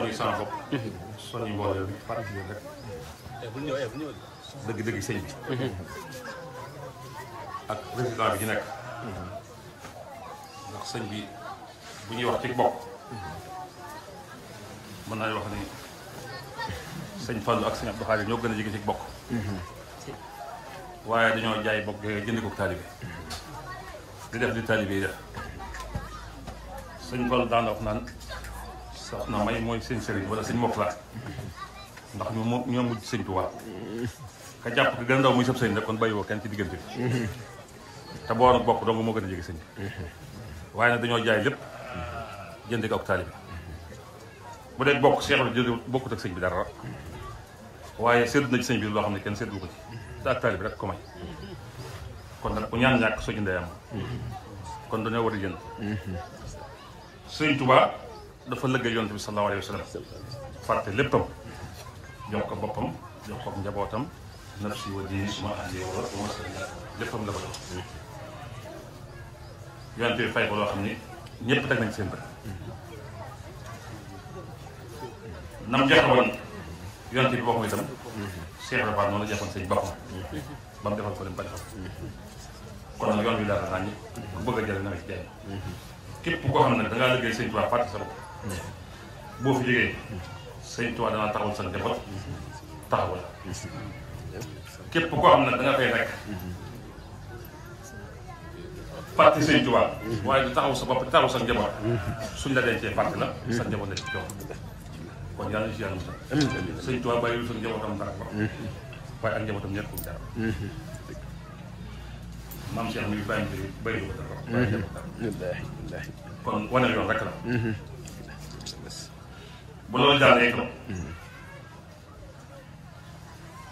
soññi sama bopp. soññi mbooloo bi fàttali rek. Eh, eh, dëgg-dëgg sëñ bi. ak président bi ci nekk. sëñ bi bu ñuy wax ci bopp. mën naa wax ni sëñ Fallou ak sëñ Abdou Khadre ñoo gën a jege ci bokk. waaye dañoo jaay bokk jënd ko taalibe di def di taalibe yi def sëñ Fallou daan wax naan. soxna may mooy seen sëriñ wala sëñ laa ndax ñu moom ñoo mujj sëñ Tuubaa ka jàpp ko gën a ndaw muy sëb sëñ nag kon bàyyiwoo kenn ci diggante bi te boo nag bokk dong moo a jege sëñ waaye dañoo jaay lépp jënd ko ak taalibe bu dee bokk seex bi jënd bi dara waaye séddu na ci sëñ bi loo xam ne kenn séddu ko ci te ak taalibe rek ko may kon nag ku ñaan ñàkk soo jëndee am kon dañoo war a jënd mm-hmm. sëñ Tuubaa dafa lëggal yonent bi sallallahu alayhi wa sallam fàtte léppam jox ko boppam jox ko njabootam nafsi wa diini ma ahli wa léppam la ko jox yonent bi fay ko loo xam ni ñëpp teg nañ seen bët nam joxe woon yonent bi boppam itam Cheikh Rabat noonu la joxoon sëñ boppam ba mu defal ko lim ba defal kon nag yoon bi daal la naan ñi ku bëgg a jël na nga ci jaay képp koo xam ne dangaa liggéey sëñ Tuubaa fàtte sa bopp boo fi jógee sëñ Tuubaa danaa taxawal sa njaboot taxawal képp koo xam ne da nga fay nekk fàtte sëñ Tuubaa waaye du taxaw sa bopp taxaw sa njaboot suñ la dencee fàtte la sa njaboot la ci jox kon yàlla si yàlla musal sëñ Tuubaa bàyyiwul sa njabootam dara ko waaye ak njabootam ñekkul dara maam si am yu bàyyi béy ko dara waaye kon wane yoon rek la bu loolu jàllee itam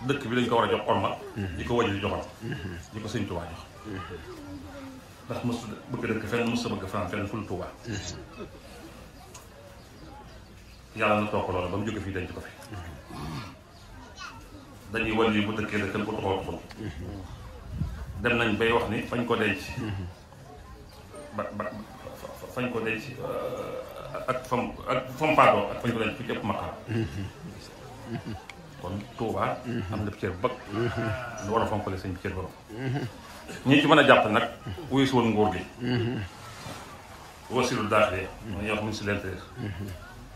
dëkk bi dañ ko war a jox orma mhm. di ko waju joxoon mhm. di ko sëñ Tuubaa jox mhm. ndax mos bëgg dëkk fenn mos sa bëgg fanaan fenn ful Tuubaa yàlla na toog loolu ba mu jóge fii denc ko fi dañuy wàll yi bu dëkkee dëkkal bu toxoo dem nañ bay wax ni fañ ko denc ba ba fañ ko denc euh, ak fam ak fam ak fañ ko dañ fi ëpp maqaam kon Touba. am na cër bëgg. lu war a fonkale sëñ bi cër borom. ñi ci mën a jàpp nag wuyu si woon nguur gi. wasiirul daaxile. ñu wax ministre de l'intérieur.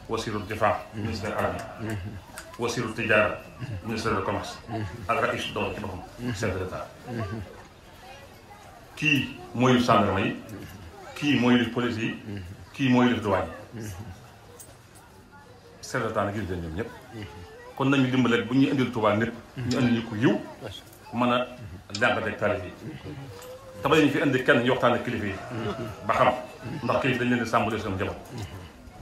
wasiirul difaa. ministre de l'armée. tijaara. ministre de commerce. ak raïs doon ci boppam. chef de l'état. kii mooy gendarme yi. kii mooy police yi. kii mooy def du wàññi seetaan gis ngeen ñoom ñëpp kon nañu dimbale bu ñu indil Tuubaa lépp ñu indi ñu ko yiw mën a lànqateg taalif yi te ñu fi indi kenn ñu waxtaan ak kilifa yi ba xam ndax kilifa dañ leen di sàmbalee seen njaboot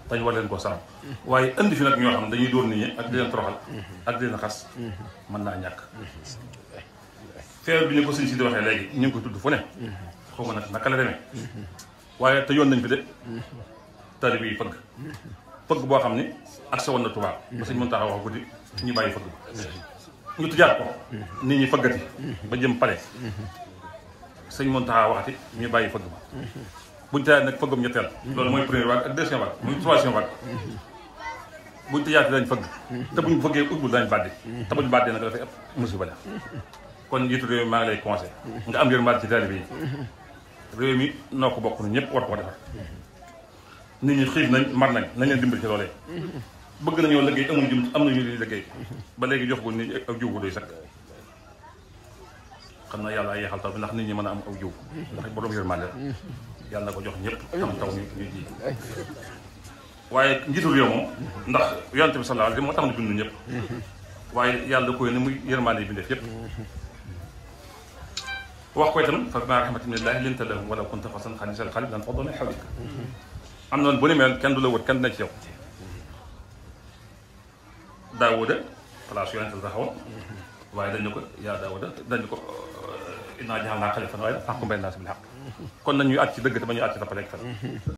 dañ war leen koo sàmm waaye indi fi nag ñoo xam dañuy dóor nit ak di leen toroxal ak di leen xas mën naa ñàkk feebar bi ñu ko sëñ si di waxee léegi ñu ngi ko tudd fu ne xaw nag naka la demee waaye te yoon nañ fi de tari bi fëgg fëgg boo xam ne ak sa woon na tubaab ba sëñ mën taxaw wax guddi ñu bàyyi fëgg ba ñu tëjaat ko nit ñi fëggati ba jëm pale sëñ mën taxaw waxati ñu bàyyi fëgg ba buñu tëjaat nag fëggum ñetteel loolu mooy première vague ak deuxième vague muy troisième vague buñu tëjaatee dañ fëgg te buñu fëggee ubbu dañ bàdde te buñu bàddee nag dafay ëpp musiba la kon njiitu réew mi maa lay conseil nga am yërmande ci taalibe réew mi noo ko bokk ñëpp war koo defar nit ñi xiif nañ mar nañ nañ leen dimbali ci loolee bëgg nañoo liggéey amuñ jum am nañu li liggéey ba léegi jox ko ni ak jiw ko doy sakk xam na yàlla yeexal taw bi ndax nit ñi mën a am aw jiw ndax borom yërmande yàlla ko jox ñëpp am taw ñu ñu ji waaye njiitu réew moom ndax yonent bi sallallahu alayhi wa moo tax na bind ñëpp waaye yàlla koy ni muy yërmande yi bindeef yëpp wax ko itam fa bimaa rahmatin minallaahi linta lahum walaw kunta fazzan galiizal qalbi lanfaddu min hawlik am na bu ni mel kenn du la wër kenn dina ci yow Daawuda place yonent la taxawoon waaye dañu ko yaa Daawuda dañu ko innaa ja'alnaaka xaliifatan waaye fahkum bayna naas bil haqq kon nañuy àtt ci dëgg te ba ñuy àtt ci